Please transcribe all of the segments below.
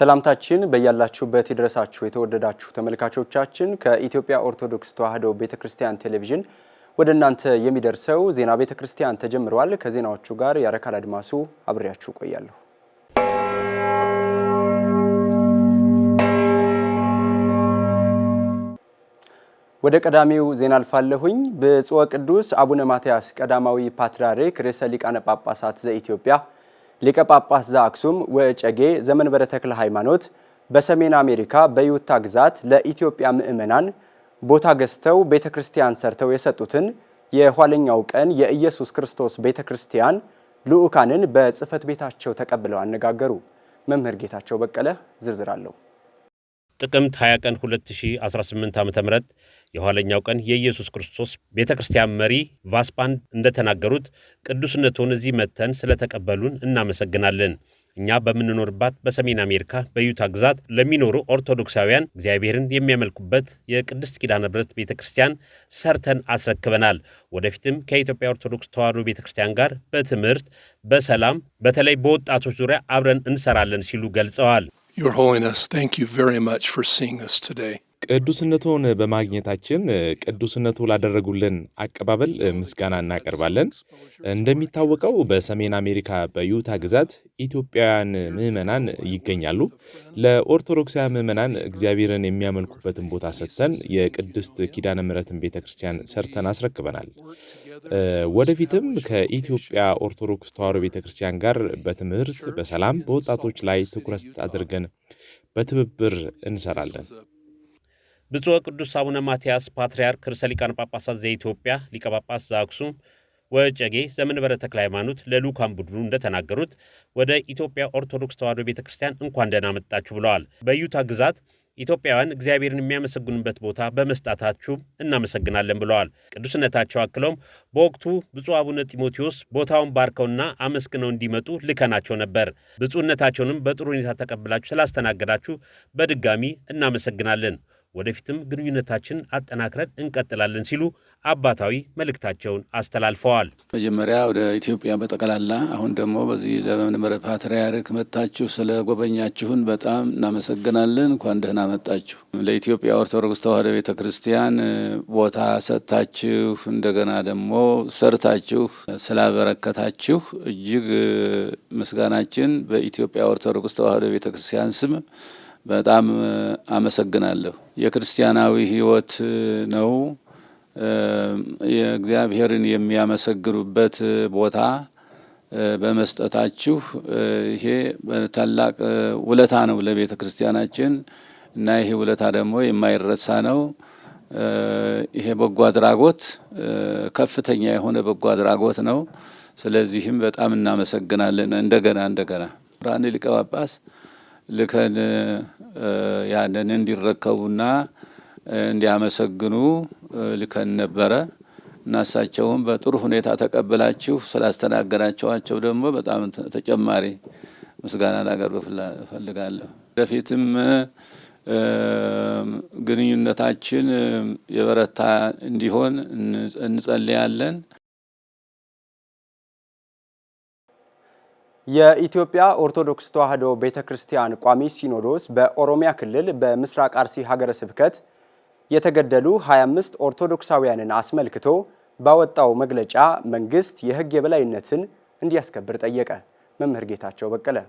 ሰላምታችን በያላችሁበት ይድረሳችሁ የተወደዳችሁ ተመልካቾቻችን። ከኢትዮጵያ ኦርቶዶክስ ተዋሕዶ ቤተ ክርስቲያን ቴሌቪዥን ወደ እናንተ የሚደርሰው ዜና ቤተ ክርስቲያን ተጀምረዋል። ከዜናዎቹ ጋር ያረካል አድማሱ አብሬያችሁ ቆያለሁ። ወደ ቀዳሚው ዜና አልፋለሁኝ። ብፁዕ ቅዱስ አቡነ ማትያስ ቀዳማዊ ፓትርያርክ ርዕሰ ሊቃነ ጳጳሳት ዘኢትዮጵያ ሊቀ ጳጳስ ዘአክሱም ወጨጌ ዘመንበረ ተክለ ሃይማኖት በሰሜን አሜሪካ በዩታ ግዛት ለኢትዮጵያ ምዕመናን ቦታ ገዝተው ቤተ ክርስቲያን ሰርተው የሰጡትን የኋለኛው ቀን የኢየሱስ ክርስቶስ ቤተ ክርስቲያን ልዑካንን በጽሕፈት ቤታቸው ተቀብለው አነጋገሩ። መምህር ጌታቸው በቀለ ዝርዝር አለው። ጥቅምት 20 ቀን 2018 ዓ ም የኋለኛው ቀን የኢየሱስ ክርስቶስ ቤተ ክርስቲያን መሪ ቫስፓን እንደተናገሩት ቅዱስነቱን እዚህ መጥተን ስለተቀበሉን እናመሰግናለን። እኛ በምንኖርባት በሰሜን አሜሪካ በዩታ ግዛት ለሚኖሩ ኦርቶዶክሳውያን እግዚአብሔርን የሚያመልኩበት የቅድስት ኪዳነ ምሕረት ቤተ ክርስቲያን ሰርተን አስረክበናል። ወደፊትም ከኢትዮጵያ ኦርቶዶክስ ተዋሕዶ ቤተ ክርስቲያን ጋር በትምህርት፣ በሰላም፣ በተለይ በወጣቶች ዙሪያ አብረን እንሰራለን ሲሉ ገልጸዋል። Your Holiness, thank you very much for seeing us today. ቅዱስነቱን በማግኘታችን ቅዱስነቱ ላደረጉልን አቀባበል ምስጋና እናቀርባለን። እንደሚታወቀው በሰሜን አሜሪካ በዩታ ግዛት ኢትዮጵያውያን ምዕመናን ይገኛሉ። ለኦርቶዶክሳውያን ምዕመናን እግዚአብሔርን የሚያመልኩበትን ቦታ ሰጥተን የቅድስት ኪዳነ ምሕረትን ቤተ ክርስቲያን ሰርተን አስረክበናል። ወደፊትም ከኢትዮጵያ ኦርቶዶክስ ተዋሕዶ ቤተ ክርስቲያን ጋር በትምህርት፣ በሰላም፣ በወጣቶች ላይ ትኩረት አድርገን በትብብር እንሰራለን። ብፁዕ ቅዱስ አቡነ ማትያስ ፓትርያርክ ርዕሰ ሊቃነ ጳጳሳት ዘኢትዮጵያ ሊቀ ጳጳስ ዘአክሱም ወጨጌ ዘመንበረ ተክለ ሃይማኖት ለልዑካን ቡድኑ እንደተናገሩት ወደ ኢትዮጵያ ኦርቶዶክስ ተዋሕዶ ቤተ ክርስቲያን እንኳን ደህና መጣችሁ ብለዋል። በዩታ ግዛት ኢትዮጵያውያን እግዚአብሔርን የሚያመሰግኑበት ቦታ በመስጣታችሁ እናመሰግናለን ብለዋል። ቅዱስነታቸው አክለውም በወቅቱ ብፁዕ አቡነ ጢሞቴዎስ ቦታውን ባርከውና አመስግነው እንዲመጡ ልከናቸው ነበር። ብፁዕነታቸውንም በጥሩ ሁኔታ ተቀብላችሁ ስላስተናገዳችሁ በድጋሚ እናመሰግናለን። ወደፊትም ግንኙነታችን አጠናክረን እንቀጥላለን ሲሉ አባታዊ መልእክታቸውን አስተላልፈዋል። መጀመሪያ ወደ ኢትዮጵያ በጠቅላላ አሁን ደግሞ በዚህ ለመንበረ ፓትርያርክ መጥታችሁ ስለ ጎበኛችሁን በጣም እናመሰግናለን። እንኳን ደህና መጣችሁ። ለኢትዮጵያ ኦርቶዶክስ ተዋሕዶ ቤተ ክርስቲያን ቦታ ሰጥታችሁ እንደገና ደግሞ ሰርታችሁ ስላበረከታችሁ እጅግ ምስጋናችን በኢትዮጵያ ኦርቶዶክስ ተዋሕዶ ቤተ ክርስቲያን ስም በጣም አመሰግናለሁ። የክርስቲያናዊ ህይወት ነው። የእግዚአብሔርን የሚያመሰግኑበት ቦታ በመስጠታችሁ ይሄ ታላቅ ውለታ ነው ለቤተ ክርስቲያናችን እና ይሄ ውለታ ደግሞ የማይረሳ ነው። ይሄ በጎ አድራጎት ከፍተኛ የሆነ በጎ አድራጎት ነው። ስለዚህም በጣም እናመሰግናለን። እንደገና እንደገና ብርሃን ሊቀ ጳጳስ ልከን ያንን እንዲረከቡና እንዲያመሰግኑ ልከን ነበረ እና እሳቸውም በጥሩ ሁኔታ ተቀብላችሁ ስላስተናገዳቸዋቸው ደግሞ በጣም ተጨማሪ ምስጋና ላቀርብ እፈልጋለሁ። ወደፊትም ግንኙነታችን የበረታ እንዲሆን እንጸልያለን። የኢትዮጵያ ኦርቶዶክስ ተዋሕዶ ቤተ ክርስቲያን ቋሚ ሲኖዶስ በኦሮሚያ ክልል በምስራቅ አርሲ ሀገረ ስብከት የተገደሉ 25 ኦርቶዶክሳውያንን አስመልክቶ ባወጣው መግለጫ መንግስት የሕግ የበላይነትን እንዲያስከብር ጠየቀ። መምህር ጌታቸው በቀለ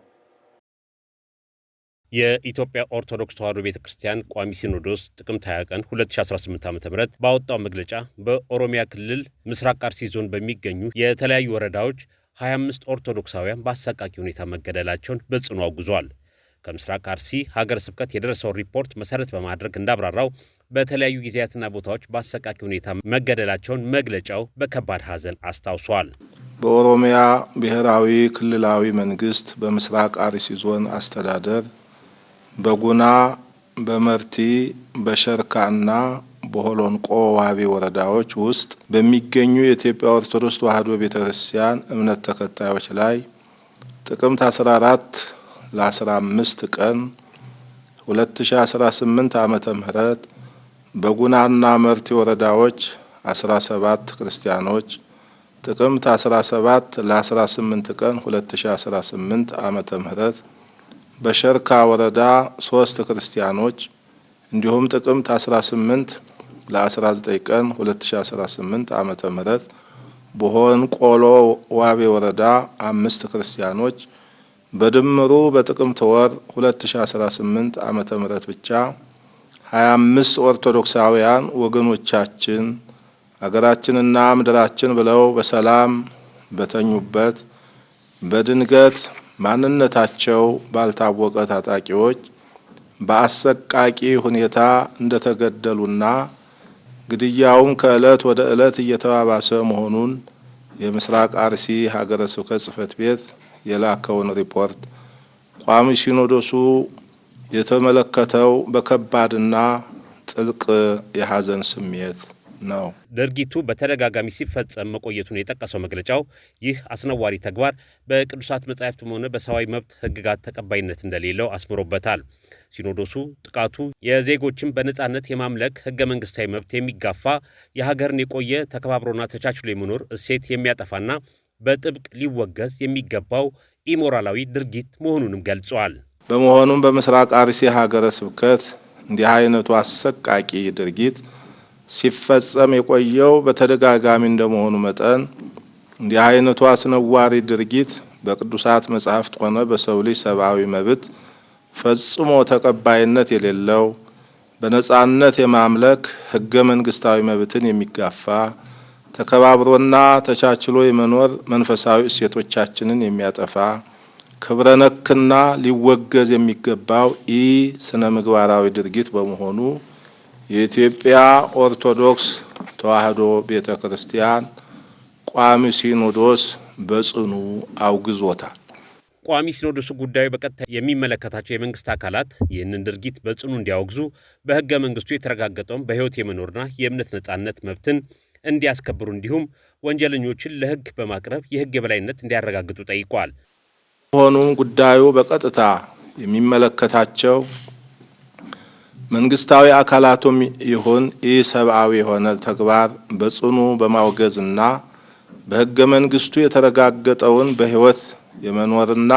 የኢትዮጵያ ኦርቶዶክስ ተዋሕዶ ቤተ ክርስቲያን ቋሚ ሲኖዶስ ጥቅምት 20 ቀን 2018 ዓ ም ባወጣው መግለጫ በኦሮሚያ ክልል ምስራቅ አርሲ ዞን በሚገኙ የተለያዩ ወረዳዎች 25 ኦርቶዶክሳውያን በአሰቃቂ ሁኔታ መገደላቸውን በጽኑ አውግዟል። ከምስራቅ አርሲ ሀገረ ስብከት የደረሰውን ሪፖርት መሰረት በማድረግ እንዳብራራው በተለያዩ ጊዜያትና ቦታዎች በአሰቃቂ ሁኔታ መገደላቸውን መግለጫው በከባድ ሐዘን አስታውሷል። በኦሮሚያ ብሔራዊ ክልላዊ መንግስት በምስራቅ አርሲ ዞን አስተዳደር በጉና በመርቲ በሸርካ እና በሆሎንቆ ዋቢ ወረዳዎች ውስጥ በሚገኙ የኢትዮጵያ ኦርቶዶክስ ተዋሕዶ ቤተ ክርስቲያን እምነት ተከታዮች ላይ ጥቅምት 14 ለ15 ቀን 2018 ዓመተ ምህረት በጉናና መርቲ ወረዳዎች 17 ክርስቲያኖች ጥቅምት 17 ለ18 ቀን 2018 ዓመተ ምህረት በሸርካ ወረዳ 3 ክርስቲያኖች እንዲሁም ጥቅምት 18 ለ19 ቀን 2018 ዓመተ ምህረት በሆን ቆሎ ዋቤ ወረዳ አምስት ክርስቲያኖች በድምሩ በጥቅምት ወር 2018 ዓመተ ምህረት ብቻ 25 ኦርቶዶክሳውያን ወገኖቻችን አገራችንና ምድራችን ብለው በሰላም በተኙበት በድንገት ማንነታቸው ባልታወቀ ታጣቂዎች በአሰቃቂ ሁኔታ እንደተገደሉና ግድያውም ከእለት ወደ እለት እየተባባሰ መሆኑን የምስራቅ አርሲ ሀገረ ስብከት ጽፈት ቤት የላከውን ሪፖርት ቋሚ ሲኖዶሱ የተመለከተው በከባድና ጥልቅ የሐዘን ስሜት ነው። ድርጊቱ በተደጋጋሚ ሲፈጸም መቆየቱን የጠቀሰው መግለጫው ይህ አስነዋሪ ተግባር በቅዱሳት መጻሕፍትም ሆነ በሰብአዊ መብት ሕግጋት ተቀባይነት እንደሌለው አስምሮበታል። ሲኖዶሱ ጥቃቱ የዜጎችን በነጻነት የማምለክ ሕገ መንግስታዊ መብት የሚጋፋ የሀገርን የቆየ ተከባብሮና ተቻችሎ የመኖር እሴት የሚያጠፋና በጥብቅ ሊወገዝ የሚገባው ኢሞራላዊ ድርጊት መሆኑንም ገልጿል። በመሆኑም በምስራቅ አርሲ ሀገረ ስብከት እንዲህ አይነቱ አሰቃቂ ድርጊት ሲፈጸም የቆየው በተደጋጋሚ እንደመሆኑ መጠን እንዲህ አይነቱ አስነዋሪ ድርጊት በቅዱሳት መጻሕፍት ሆነ በሰው ልጅ ሰብአዊ መብት ፈጽሞ ተቀባይነት የሌለው በነጻነት የማምለክ ህገ መንግስታዊ መብትን የሚጋፋ ተከባብሮና ተቻችሎ የመኖር መንፈሳዊ እሴቶቻችንን የሚያጠፋ ክብረ ነክና ሊወገዝ የሚገባው ኢ ስነ ምግባራዊ ድርጊት በመሆኑ የኢትዮጵያ ኦርቶዶክስ ተዋሕዶ ቤተ ክርስቲያን ቋሚ ሲኖዶስ በጽኑ አውግዞታል። ቋሚ ሲኖዶሱ ጉዳዩ በቀጥታ የሚመለከታቸው የመንግስት አካላት ይህንን ድርጊት በጽኑ እንዲያወግዙ፣ በሕገ መንግስቱ የተረጋገጠውን በሕይወት የመኖርና የእምነት ነጻነት መብትን እንዲያስከብሩ እንዲሁም ወንጀለኞችን ለሕግ በማቅረብ የሕግ የበላይነት እንዲያረጋግጡ ጠይቋል። ሆኖም ጉዳዩ በቀጥታ የሚመለከታቸው መንግስታዊ አካላቱም ይሁን ይህ ሰብአዊ የሆነ ተግባር በጽኑ በማውገዝና በህገ መንግስቱ የተረጋገጠውን በህይወት የመኖርና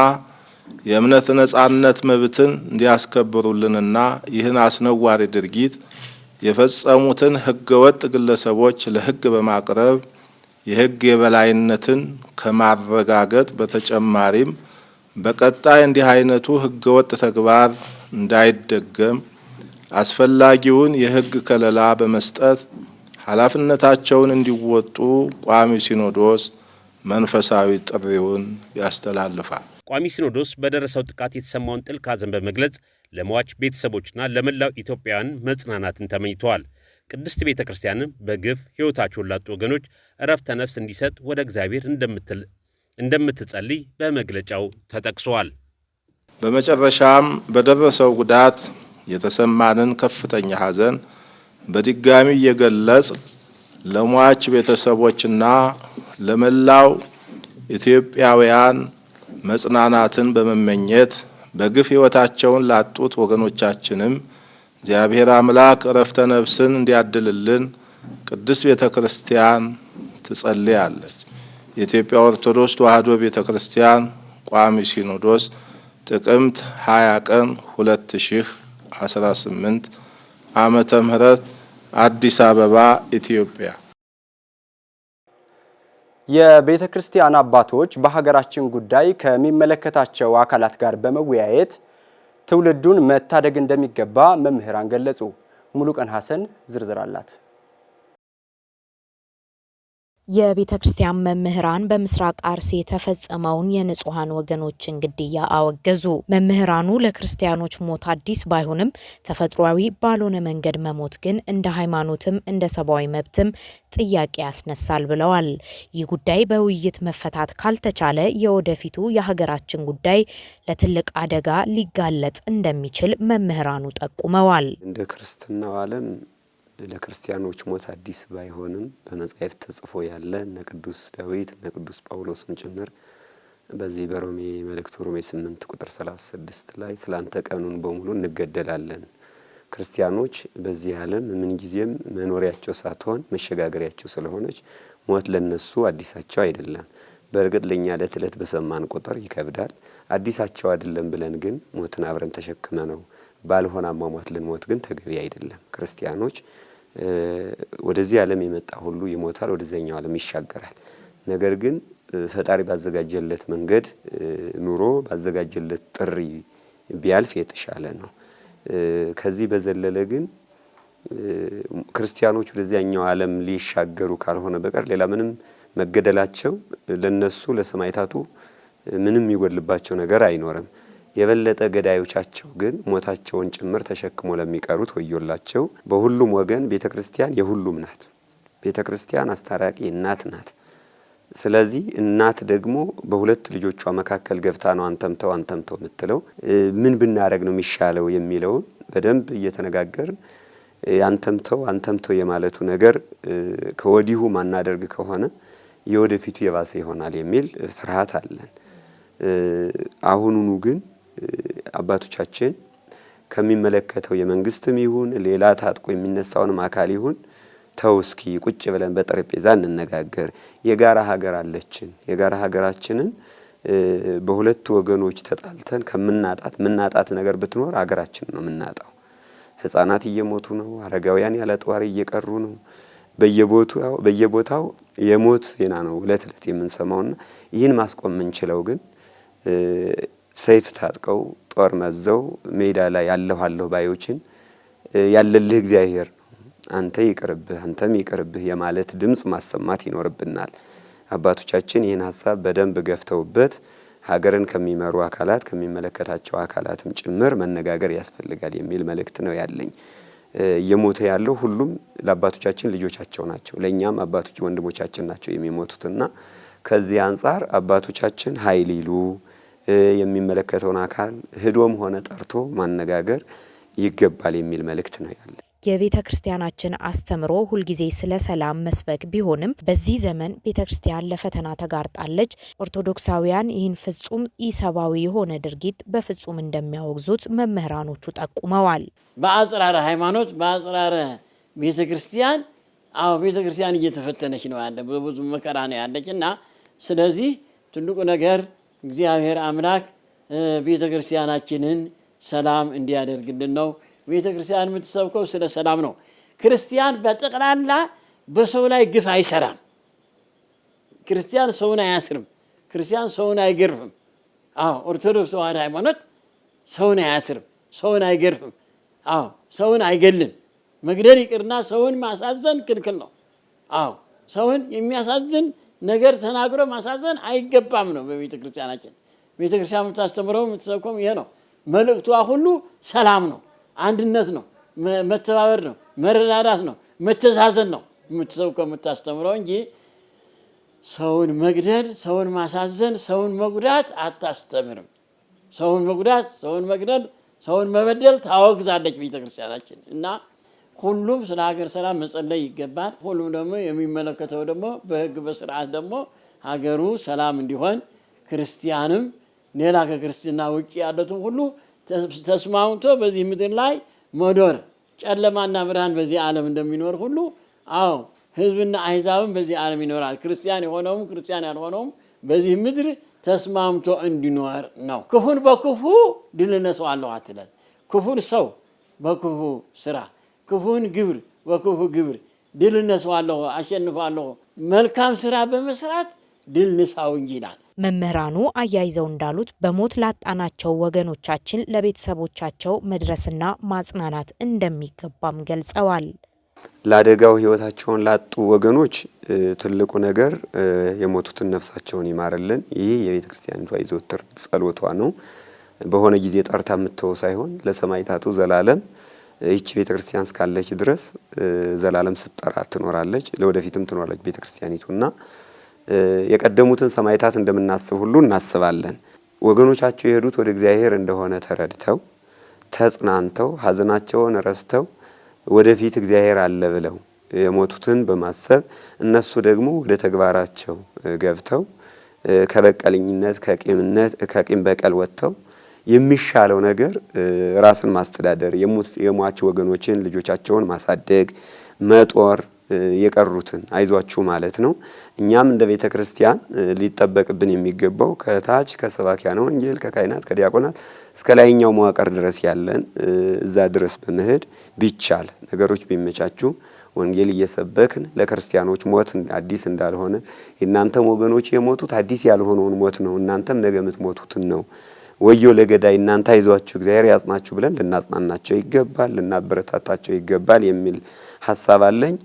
የእምነት ነጻነት መብትን እንዲያስከብሩልንና ይህን አስነዋሪ ድርጊት የፈጸሙትን ህገ ወጥ ግለሰቦች ለህግ በማቅረብ የህግ የበላይነትን ከማረጋገጥ በተጨማሪም በቀጣይ እንዲህ አይነቱ ህገ ወጥ ተግባር እንዳይደገም አስፈላጊውን የህግ ከለላ በመስጠት ኃላፊነታቸውን እንዲወጡ ቋሚ ሲኖዶስ መንፈሳዊ ጥሪውን ያስተላልፋል። ቋሚ ሲኖዶስ በደረሰው ጥቃት የተሰማውን ጥልቅ ሐዘን በመግለጽ ለሟች ቤተሰቦችና ለመላው ኢትዮጵያውያን መጽናናትን ተመኝተዋል። ቅድስት ቤተ ክርስቲያንም በግፍ ሕይወታቸውን ላጡ ወገኖች እረፍተ ነፍስ እንዲሰጥ ወደ እግዚአብሔር እንደምትጸልይ በመግለጫው ተጠቅሷል። በመጨረሻም በደረሰው ጉዳት የተሰማንን ከፍተኛ ሐዘን በድጋሚ እየገለጽ ለሟች ቤተሰቦችና ለመላው ኢትዮጵያውያን መጽናናትን በመመኘት በግፍ ሕይወታቸውን ላጡት ወገኖቻችንም እግዚአብሔር አምላክ እረፍተ ነፍስን እንዲያድልልን ቅድስት ቤተ ክርስቲያን ትጸልያለች። የኢትዮጵያ ኦርቶዶክስ ተዋሕዶ ቤተ ክርስቲያን ቋሚ ሲኖዶስ ጥቅምት 20 ቀን 2000 2018 ዓመተ ምህረት አዲስ አበባ ኢትዮጵያ። የቤተ ክርስቲያን አባቶች በሀገራችን ጉዳይ ከሚመለከታቸው አካላት ጋር በመወያየት ትውልዱን መታደግ እንደሚገባ መምህራን ገለጹ። ሙሉቀን ሐሰን ዝርዝር አላት። የቤተ ክርስቲያን መምህራን በምስራቅ አርሲ የተፈጸመውን የንጹሐን ወገኖችን ግድያ አወገዙ። መምህራኑ ለክርስቲያኖች ሞት አዲስ ባይሆንም ተፈጥሯዊ ባልሆነ መንገድ መሞት ግን እንደ ሃይማኖትም እንደ ሰብአዊ መብትም ጥያቄ ያስነሳል ብለዋል። ይህ ጉዳይ በውይይት መፈታት ካልተቻለ የወደፊቱ የሀገራችን ጉዳይ ለትልቅ አደጋ ሊጋለጥ እንደሚችል መምህራኑ ጠቁመዋል። እንደ ክርስትናው ዓለም ለክርስቲያኖች ሞት አዲስ ባይሆንም በመጽሐፍ ተጽፎ ያለ እነ ቅዱስ ዳዊት እነ ቅዱስ ጳውሎስም ጭምር በዚህ በሮሜ መልእክቱ ሮሜ ስምንት ቁጥር ስድስት ላይ ስላንተ ቀኑን በሙሉ እንገደላለን። ክርስቲያኖች በዚህ ዓለም ምንጊዜም መኖሪያቸው ሳትሆን መሸጋገሪያቸው ስለሆነች ሞት ለነሱ አዲሳቸው አይደለም። በእርግጥ ለእኛ ዕለት ዕለት በሰማን ቁጥር ይከብዳል። አዲሳቸው አይደለም ብለን ግን ሞትን አብረን ተሸክመ ነው ባልሆነ አሟሟት ልንሞት ግን ተገቢ አይደለም። ክርስቲያኖች ወደዚህ ዓለም የመጣ ሁሉ ይሞታል፣ ወደዚያኛው ዓለም ይሻገራል። ነገር ግን ፈጣሪ ባዘጋጀለት መንገድ ኑሮ ባዘጋጀለት ጥሪ ቢያልፍ የተሻለ ነው። ከዚህ በዘለለ ግን ክርስቲያኖች ወደዚያኛው ዓለም ሊሻገሩ ካልሆነ በቀር ሌላ ምንም መገደላቸው ለነሱ ለሰማይታቱ ምንም የሚጎድልባቸው ነገር አይኖርም። የበለጠ ገዳዮቻቸው ግን ሞታቸውን ጭምር ተሸክሞ ለሚቀሩት ወዮላቸው። በሁሉም ወገን ቤተ ክርስቲያን የሁሉም ናት። ቤተ ክርስቲያን አስታራቂ እናት ናት። ስለዚህ እናት ደግሞ በሁለት ልጆቿ መካከል ገብታ ነው አንተምተው አንተምተው የምትለው። ምን ብናደረግ ነው የሚሻለው የሚለውን በደንብ እየተነጋገርን አንተምተው አንተምተው የማለቱ ነገር ከወዲሁ ማናደርግ ከሆነ የወደፊቱ የባሰ ይሆናል የሚል ፍርሃት አለን። አሁኑኑ ግን አባቶቻችን ከሚመለከተው የመንግስትም ይሁን ሌላ ታጥቆ የሚነሳውንም አካል ይሁን ተው እስኪ ቁጭ ብለን በጠረጴዛ እንነጋገር። የጋራ ሀገር አለችን። የጋራ ሀገራችንን በሁለት ወገኖች ተጣልተን ከምናጣት ምናጣት ነገር ብትኖር ሀገራችን ነው የምናጣው። ህፃናት እየሞቱ ነው። አረጋውያን ያለ ጧሪ እየቀሩ ነው። በየቦታው የሞት ዜና ነው እለት እለት የምንሰማውና ይህን ማስቆም የምንችለው ግን ሰይፍ ታጥቀው ጦር መዘው ሜዳ ላይ ያለሁ አለሁ ባዮችን ያለልህ እግዚአብሔር አንተ ይቅርብህ አንተም ይቅርብህ የማለት ድምፅ ማሰማት ይኖርብናል። አባቶቻችን ይህን ሀሳብ በደንብ ገፍተውበት ሀገርን ከሚመሩ አካላት ከሚመለከታቸው አካላትም ጭምር መነጋገር ያስፈልጋል የሚል መልእክት ነው ያለኝ። እየሞተ ያለው ሁሉም ለአባቶቻችን ልጆቻቸው ናቸው፣ ለእኛም አባቶች ወንድሞቻችን ናቸው የሚሞቱትና ከዚህ አንጻር አባቶቻችን ሀይል ይሉ የሚመለከተውን አካል ህዶም ሆነ ጠርቶ ማነጋገር ይገባል የሚል መልእክት ነው ያለ። የቤተ ክርስቲያናችን አስተምሮ ሁልጊዜ ስለ ሰላም መስበክ ቢሆንም በዚህ ዘመን ቤተ ክርስቲያን ለፈተና ተጋርጣለች። ኦርቶዶክሳውያን ይህን ፍጹም ኢሰብአዊ የሆነ ድርጊት በፍጹም እንደሚያወግዙት መምህራኖቹ ጠቁመዋል። በአጽራረ ሃይማኖት፣ በአጽራረ ቤተ ክርስቲያን አዎ ቤተ ክርስቲያን እየተፈተነች ነው ያለ፣ በብዙ መከራ ነው ያለች እና ስለዚህ ትልቁ ነገር እግዚአብሔር አምላክ ቤተ ክርስቲያናችንን ሰላም እንዲያደርግልን ነው። ቤተ ክርስቲያን የምትሰብከው ስለ ሰላም ነው። ክርስቲያን በጠቅላላ በሰው ላይ ግፍ አይሰራም። ክርስቲያን ሰውን አያስርም። ክርስቲያን ሰውን አይገርፍም። አዎ ኦርቶዶክስ ተዋሕዶ ሃይማኖት ሰውን አያስርም፣ ሰውን አይገርፍም። አዎ ሰውን አይገልም። መግደል ይቅርና ሰውን ማሳዘን ክልክል ነው። አዎ ሰውን የሚያሳዝን ነገር ተናግሮ ማሳዘን አይገባም ነው በቤተ ክርስቲያናችን። ቤተ ክርስቲያን የምታስተምረው የምትሰብከውም ይሄ ነው። መልእክቷ ሁሉ ሰላም ነው፣ አንድነት ነው፣ መተባበር ነው፣ መረዳዳት ነው፣ መተዛዘን ነው የምትሰብከው የምታስተምረው እንጂ ሰውን መግደል፣ ሰውን ማሳዘን፣ ሰውን መጉዳት አታስተምርም። ሰውን መጉዳት፣ ሰውን መግደል፣ ሰውን መበደል ታወግዛለች ቤተክርስቲያናችን እና ሁሉም ስለ ሀገር ሰላም መጸለይ ይገባል። ሁሉም ደግሞ የሚመለከተው ደግሞ በህግ በስርዓት ደግሞ ሀገሩ ሰላም እንዲሆን ክርስቲያንም ሌላ ከክርስትና ውጭ ያለትም ሁሉ ተስማምቶ በዚህ ምድር ላይ መዶር ጨለማና ብርሃን በዚህ ዓለም እንደሚኖር ሁሉ አዎ ህዝብና አህዛብም በዚህ ዓለም ይኖራል። ክርስቲያን የሆነውም ክርስቲያን ያልሆነውም በዚህ ምድር ተስማምቶ እንዲኖር ነው። ክፉን በክፉ ድል እነሳዋለሁ አትለን። ክፉን ሰው በክፉ ስራ ክፉን ግብር በክፉ ግብር ድል እነሳዋለሁ፣ አሸንፋለሁ፣ መልካም ስራ በመስራት ድል ንሳው እንጂ ይላል። መምህራኑ አያይዘው እንዳሉት በሞት ላጣናቸው ወገኖቻችን ለቤተሰቦቻቸው መድረስና ማጽናናት እንደሚገባም ገልጸዋል። ለአደጋው ህይወታቸውን ላጡ ወገኖች ትልቁ ነገር የሞቱትን ነፍሳቸውን ይማርልን። ይህ የቤተ ክርስቲያኒቷ ይዘወትር ጸሎቷ ነው። በሆነ ጊዜ ጠርታ የምትተው ሳይሆን ለሰማዕታቱ ዘላለም ይቺ ቤተ ክርስቲያን እስካለች ድረስ ዘላለም ስትጠራ ትኖራለች፣ ለወደፊትም ትኖራለች ቤተ ክርስቲያኒቱ እና የቀደሙትን ሰማዕታት እንደምናስብ ሁሉ እናስባለን። ወገኖቻቸው የሄዱት ወደ እግዚአብሔር እንደሆነ ተረድተው ተጽናንተው ሐዘናቸውን ረስተው ወደፊት እግዚአብሔር አለ ብለው የሞቱትን በማሰብ እነሱ ደግሞ ወደ ተግባራቸው ገብተው ከበቀልኝነት ከቂምነት ከቂም በቀል ወጥተው የሚሻለው ነገር ራስን ማስተዳደር፣ የሟች ወገኖችን ልጆቻቸውን ማሳደግ፣ መጦር፣ የቀሩትን አይዟችሁ ማለት ነው። እኛም እንደ ቤተ ክርስቲያን ሊጠበቅብን የሚገባው ከታች ከሰባኪያነ ወንጌል ከካህናት ከዲያቆናት እስከ ላይኛው መዋቅር ድረስ ያለን እዛ ድረስ በመሄድ ቢቻል ነገሮች ቢመቻችሁ ወንጌል እየሰበክን ለክርስቲያኖች ሞት አዲስ እንዳልሆነ የእናንተም ወገኖች የሞቱት አዲስ ያልሆነውን ሞት ነው፣ እናንተም ነገ የምትሞቱትን ነው ወዮ ለገዳይ እናንተ አይዟችሁ እግዚአብሔር ያጽናችሁ ብለን ልናጽናናቸው ይገባል፣ ልናበረታታቸው ይገባል የሚል ሀሳብ አለኝ።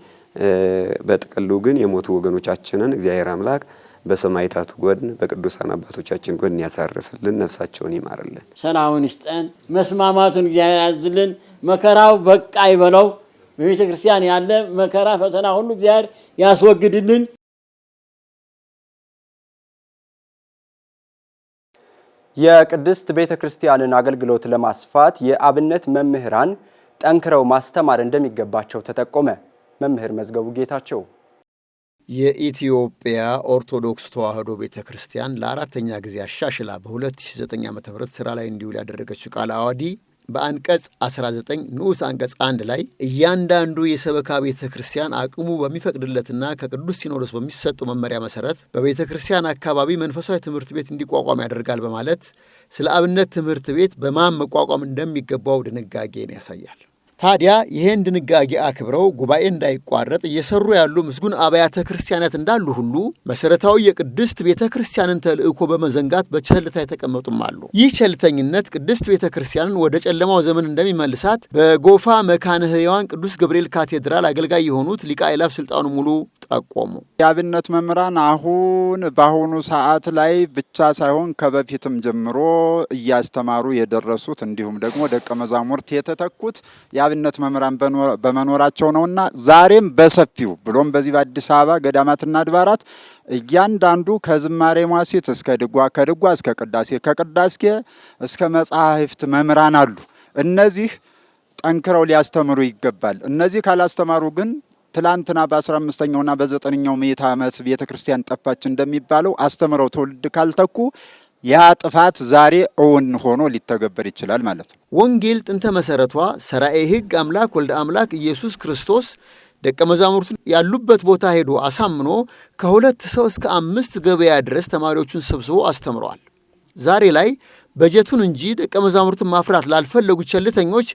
በጥቅሉ ግን የሞቱ ወገኖቻችንን እግዚአብሔር አምላክ በሰማይታቱ ጎን በቅዱሳን አባቶቻችን ጎን ያሳርፍልን፣ ነፍሳቸውን ይማርልን፣ ሰላሙን ይስጠን፣ መስማማቱን እግዚአብሔር ያዝልን፣ መከራው በቃ ይበለው። በቤተ ክርስቲያን ያለ መከራ ፈተና ሁሉ እግዚአብሔር ያስወግድልን። የቅድስት ቤተ ክርስቲያንን አገልግሎት ለማስፋት የአብነት መምህራን ጠንክረው ማስተማር እንደሚገባቸው ተጠቆመ። መምህር መዝገቡ ጌታቸው የኢትዮጵያ ኦርቶዶክስ ተዋሕዶ ቤተ ክርስቲያን ለአራተኛ ጊዜ አሻሽላ በ2009 ዓ ም ስራ ላይ እንዲውል ያደረገችው ቃለ አዋዲ በአንቀጽ 19 ንዑስ አንቀጽ 1 ላይ እያንዳንዱ የሰበካ ቤተ ክርስቲያን አቅሙ በሚፈቅድለትና ከቅዱስ ሲኖዶስ በሚሰጠው መመሪያ መሰረት በቤተ ክርስቲያን አካባቢ መንፈሳዊ ትምህርት ቤት እንዲቋቋም ያደርጋል በማለት ስለ አብነት ትምህርት ቤት በማን መቋቋም እንደሚገባው ድንጋጌን ያሳያል። ታዲያ ይሄን ድንጋጌ አክብረው ጉባኤ እንዳይቋረጥ እየሰሩ ያሉ ምስጉን አብያተ ክርስቲያናት እንዳሉ ሁሉ መሰረታዊ የቅድስት ቤተ ክርስቲያንን ተልእኮ በመዘንጋት በቸልታ የተቀመጡም አሉ። ይህ ቸልተኝነት ቅድስት ቤተ ክርስቲያንን ወደ ጨለማው ዘመን እንደሚመልሳት በጎፋ መካነ ሕያዋን ቅዱስ ገብርኤል ካቴድራል አገልጋይ የሆኑት ሊቀ አእላፍ ስልጣኑ ሙሉ ጠቆሙ። የአብነት መምህራን አሁን በአሁኑ ሰዓት ላይ ብቻ ሳይሆን ከበፊትም ጀምሮ እያስተማሩ የደረሱት እንዲሁም ደግሞ ደቀ መዛሙርት የተተኩት አብነት መምህራን በመኖራቸው ነውና ዛሬም በሰፊው ብሎም በዚህ በአዲስ አበባ ገዳማትና አድባራት እያንዳንዱ ከዝማሬ ሟሴት እስከ ድጓ ከድጓ እስከ ቅዳሴ ከቅዳሴ እስከ መጻሕፍት መምህራን አሉ። እነዚህ ጠንክረው ሊያስተምሩ ይገባል። እነዚህ ካላስተማሩ ግን ትላንትና በ15ኛውና በ9ኛው ምዕተ ዓመት ቤተ ክርስቲያን ጠፋች እንደሚባለው አስተምረው ትውልድ ካልተኩ ያ ጥፋት ዛሬ እውን ሆኖ ሊተገበር ይችላል ማለት ነው። ወንጌል ጥንተ መሰረቷ ሰራኤ ሕግ አምላክ ወልደ አምላክ ኢየሱስ ክርስቶስ ደቀ መዛሙርቱን ያሉበት ቦታ ሄዶ አሳምኖ ከሁለት ሰው እስከ አምስት ገበያ ድረስ ተማሪዎቹን ሰብስቦ አስተምረዋል። ዛሬ ላይ በጀቱን እንጂ ደቀ መዛሙርቱን ማፍራት ላልፈለጉ ቸልተኞች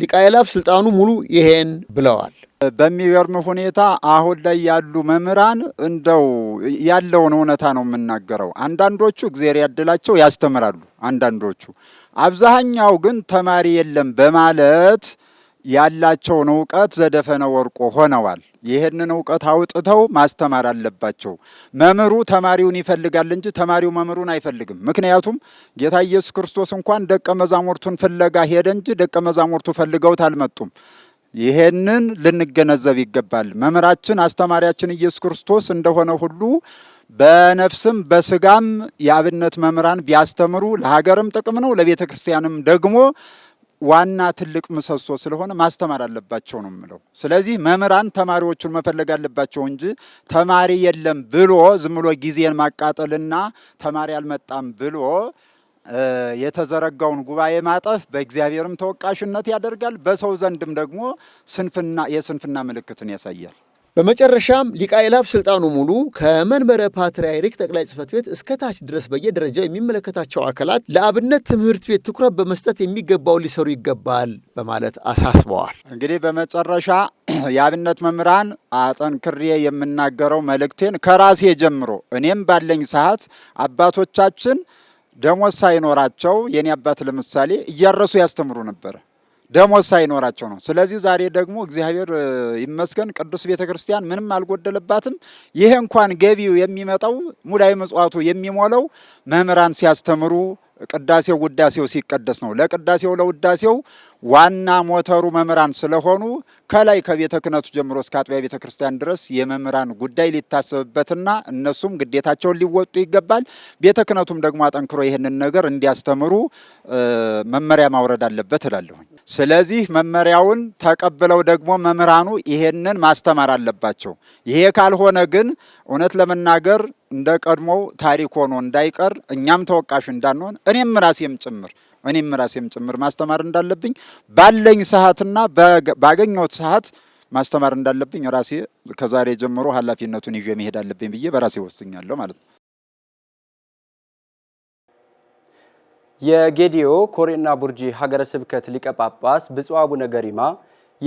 ሊቃይላፍ ስልጣኑ ሙሉ ይሄን ብለዋል። በሚገርም ሁኔታ አሁን ላይ ያሉ መምህራን እንደው ያለውን እውነታ ነው የምናገረው። አንዳንዶቹ እግዜር ያደላቸው ያስተምራሉ፣ አንዳንዶቹ አብዛኛው ግን ተማሪ የለም በማለት ያላቸውን እውቀት ዘደፈነ ወርቆ ሆነዋል። ይህንን እውቀት አውጥተው ማስተማር አለባቸው። መምህሩ ተማሪውን ይፈልጋል እንጂ ተማሪው መምህሩን አይፈልግም። ምክንያቱም ጌታ ኢየሱስ ክርስቶስ እንኳን ደቀ መዛሙርቱን ፍለጋ ሄደ እንጂ ደቀ መዛሙርቱ ፈልገውት አልመጡም። ይሄንን ልንገነዘብ ይገባል። መምህራችን አስተማሪያችን ኢየሱስ ክርስቶስ እንደሆነ ሁሉ በነፍስም በስጋም የአብነት መምህራን ቢያስተምሩ ለሀገርም ጥቅም ነው፣ ለቤተ ክርስቲያንም ደግሞ ዋና ትልቅ ምሰሶ ስለሆነ ማስተማር አለባቸው ነው የምለው። ስለዚህ መምህራን ተማሪዎቹን መፈለግ አለባቸው እንጂ ተማሪ የለም ብሎ ዝም ብሎ ጊዜን ማቃጠልና ተማሪ አልመጣም ብሎ የተዘረጋውን ጉባኤ ማጠፍ በእግዚአብሔርም ተወቃሽነት ያደርጋል፣ በሰው ዘንድም ደግሞ ስንፍና የስንፍና ምልክትን ያሳያል። በመጨረሻም ሊቃይላፍ ስልጣኑ ሙሉ ከመንበረ ፓትርያርክ ጠቅላይ ጽፈት ቤት እስከ ታች ድረስ በየደረጃው የሚመለከታቸው አካላት ለአብነት ትምህርት ቤት ትኩረት በመስጠት የሚገባው ሊሰሩ ይገባል በማለት አሳስበዋል። እንግዲህ በመጨረሻ የአብነት መምህራን አጠንክሬ የምናገረው መልእክቴን ከራሴ ጀምሮ እኔም ባለኝ ሰዓት አባቶቻችን ደሞዝ ሳይኖራቸው የኔ አባት ለምሳሌ እያረሱ ያስተምሩ ነበር። ደሞዝ ሳይኖራቸው ነው። ስለዚህ ዛሬ ደግሞ እግዚአብሔር ይመስገን ቅዱስ ቤተ ክርስቲያን ምንም አልጎደለባትም። ይሄ እንኳን ገቢው የሚመጣው ሙዳይ ምጽዋቱ የሚሞላው መምህራን ሲያስተምሩ ቅዳሴው ውዳሴው ሲቀደስ ነው። ለቅዳሴው ለውዳሴው ዋና ሞተሩ መምህራን ስለሆኑ ከላይ ከቤተ ክህነቱ ጀምሮ እስከ አጥቢያ ቤተ ክርስቲያን ድረስ የመምህራን ጉዳይ ሊታሰብበትና እነሱም ግዴታቸውን ሊወጡ ይገባል። ቤተ ክህነቱም ደግሞ አጠንክሮ ይህንን ነገር እንዲያስተምሩ መመሪያ ማውረድ አለበት እላለሁኝ። ስለዚህ መመሪያውን ተቀብለው ደግሞ መምህራኑ ይሄንን ማስተማር አለባቸው። ይሄ ካልሆነ ግን እውነት ለመናገር እንደ ቀድሞው ታሪክ ሆኖ እንዳይቀር እኛም ተወቃሽ እንዳንሆን እኔም ራሴም ጭምር እኔም ራሴም ጭምር ማስተማር እንዳለብኝ ባለኝ ሰዓትና ባገኘሁት ሰዓት ማስተማር እንዳለብኝ ራሴ ከዛሬ ጀምሮ ኃላፊነቱን ይዤ መሄድ አለብኝ ብዬ በራሴ ወስኛለሁ ማለት ነው። የጌዲዮ ኮሬና ቡርጂ ሀገረ ስብከት ሊቀ ጳጳስ ብፁዕ አቡነ ገሪማ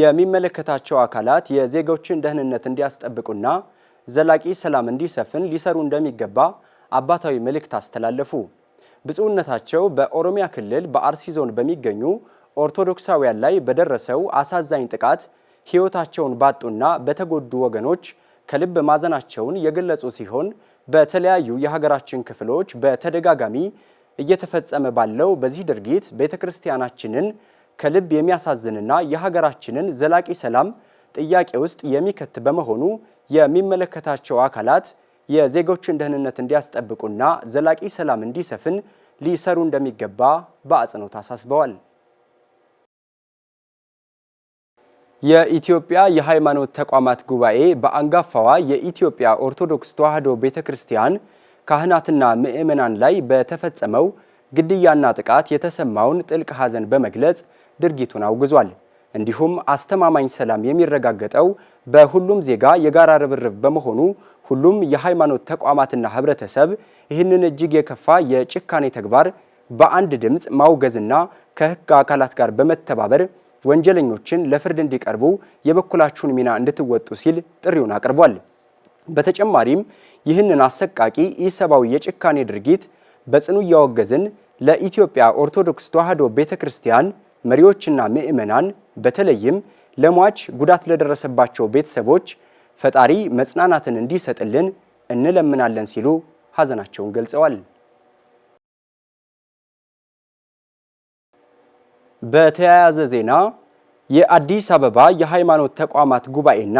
የሚመለከታቸው አካላት የዜጎችን ደህንነት እንዲያስጠብቁና ዘላቂ ሰላም እንዲሰፍን ሊሰሩ እንደሚገባ አባታዊ መልእክት አስተላለፉ። ብፁዕነታቸው በኦሮሚያ ክልል በአርሲ ዞን በሚገኙ ኦርቶዶክሳውያን ላይ በደረሰው አሳዛኝ ጥቃት ሕይወታቸውን ባጡና በተጎዱ ወገኖች ከልብ ማዘናቸውን የገለጹ ሲሆን በተለያዩ የሀገራችን ክፍሎች በተደጋጋሚ እየተፈጸመ ባለው በዚህ ድርጊት ቤተ ክርስቲያናችንን ከልብ የሚያሳዝንና የሀገራችንን ዘላቂ ሰላም ጥያቄ ውስጥ የሚከት በመሆኑ የሚመለከታቸው አካላት የዜጎችን ደህንነት እንዲያስጠብቁና ዘላቂ ሰላም እንዲሰፍን ሊሰሩ እንደሚገባ በአጽንኦት አሳስበዋል። የኢትዮጵያ የሃይማኖት ተቋማት ጉባኤ በአንጋፋዋ የኢትዮጵያ ኦርቶዶክስ ተዋሕዶ ቤተ ክርስቲያን ካህናትና ምዕመናን ላይ በተፈጸመው ግድያና ጥቃት የተሰማውን ጥልቅ ሐዘን በመግለጽ ድርጊቱን አውግዟል። እንዲሁም አስተማማኝ ሰላም የሚረጋገጠው በሁሉም ዜጋ የጋራ ርብርብ በመሆኑ ሁሉም የሃይማኖት ተቋማትና ህብረተሰብ ይህንን እጅግ የከፋ የጭካኔ ተግባር በአንድ ድምፅ ማውገዝና ከህግ አካላት ጋር በመተባበር ወንጀለኞችን ለፍርድ እንዲቀርቡ የበኩላችሁን ሚና እንድትወጡ ሲል ጥሪውን አቅርቧል። በተጨማሪም ይህንን አሰቃቂ ኢሰብአዊ የጭካኔ ድርጊት በጽኑ እያወገዝን ለኢትዮጵያ ኦርቶዶክስ ተዋሕዶ ቤተ ክርስቲያን መሪዎችና ምዕመናን በተለይም ለሟች ጉዳት ለደረሰባቸው ቤተሰቦች ፈጣሪ መጽናናትን እንዲሰጥልን እንለምናለን ሲሉ ሐዘናቸውን ገልጸዋል። በተያያዘ ዜና የአዲስ አበባ የሃይማኖት ተቋማት ጉባኤና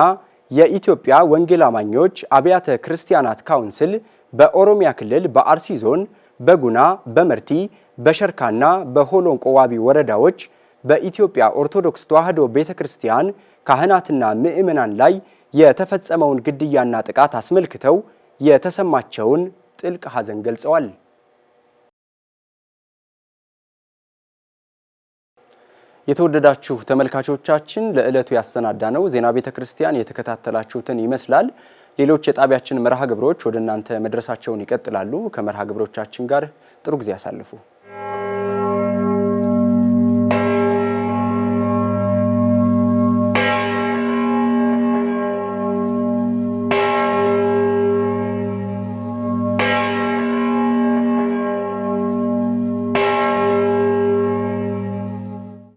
የኢትዮጵያ ወንጌል አማኞች አብያተ ክርስቲያናት ካውንስል በኦሮሚያ ክልል በአርሲ ዞን በጉና፣ በመርቲ፣ በሸርካና በሆሎንቆ ዋቢ ወረዳዎች በኢትዮጵያ ኦርቶዶክስ ተዋሕዶ ቤተ ክርስቲያን ካህናትና ምእመናን ላይ የተፈጸመውን ግድያና ጥቃት አስመልክተው የተሰማቸውን ጥልቅ ሐዘን ገልጸዋል። የተወደዳችሁ ተመልካቾቻችን ለዕለቱ ያሰናዳ ነው ዜና ቤተ ክርስቲያን የተከታተላችሁትን ይመስላል። ሌሎች የጣቢያችን መርሃ ግብሮች ወደ እናንተ መድረሳቸውን ይቀጥላሉ። ከመርሃ ግብሮቻችን ጋር ጥሩ ጊዜ ያሳልፉ።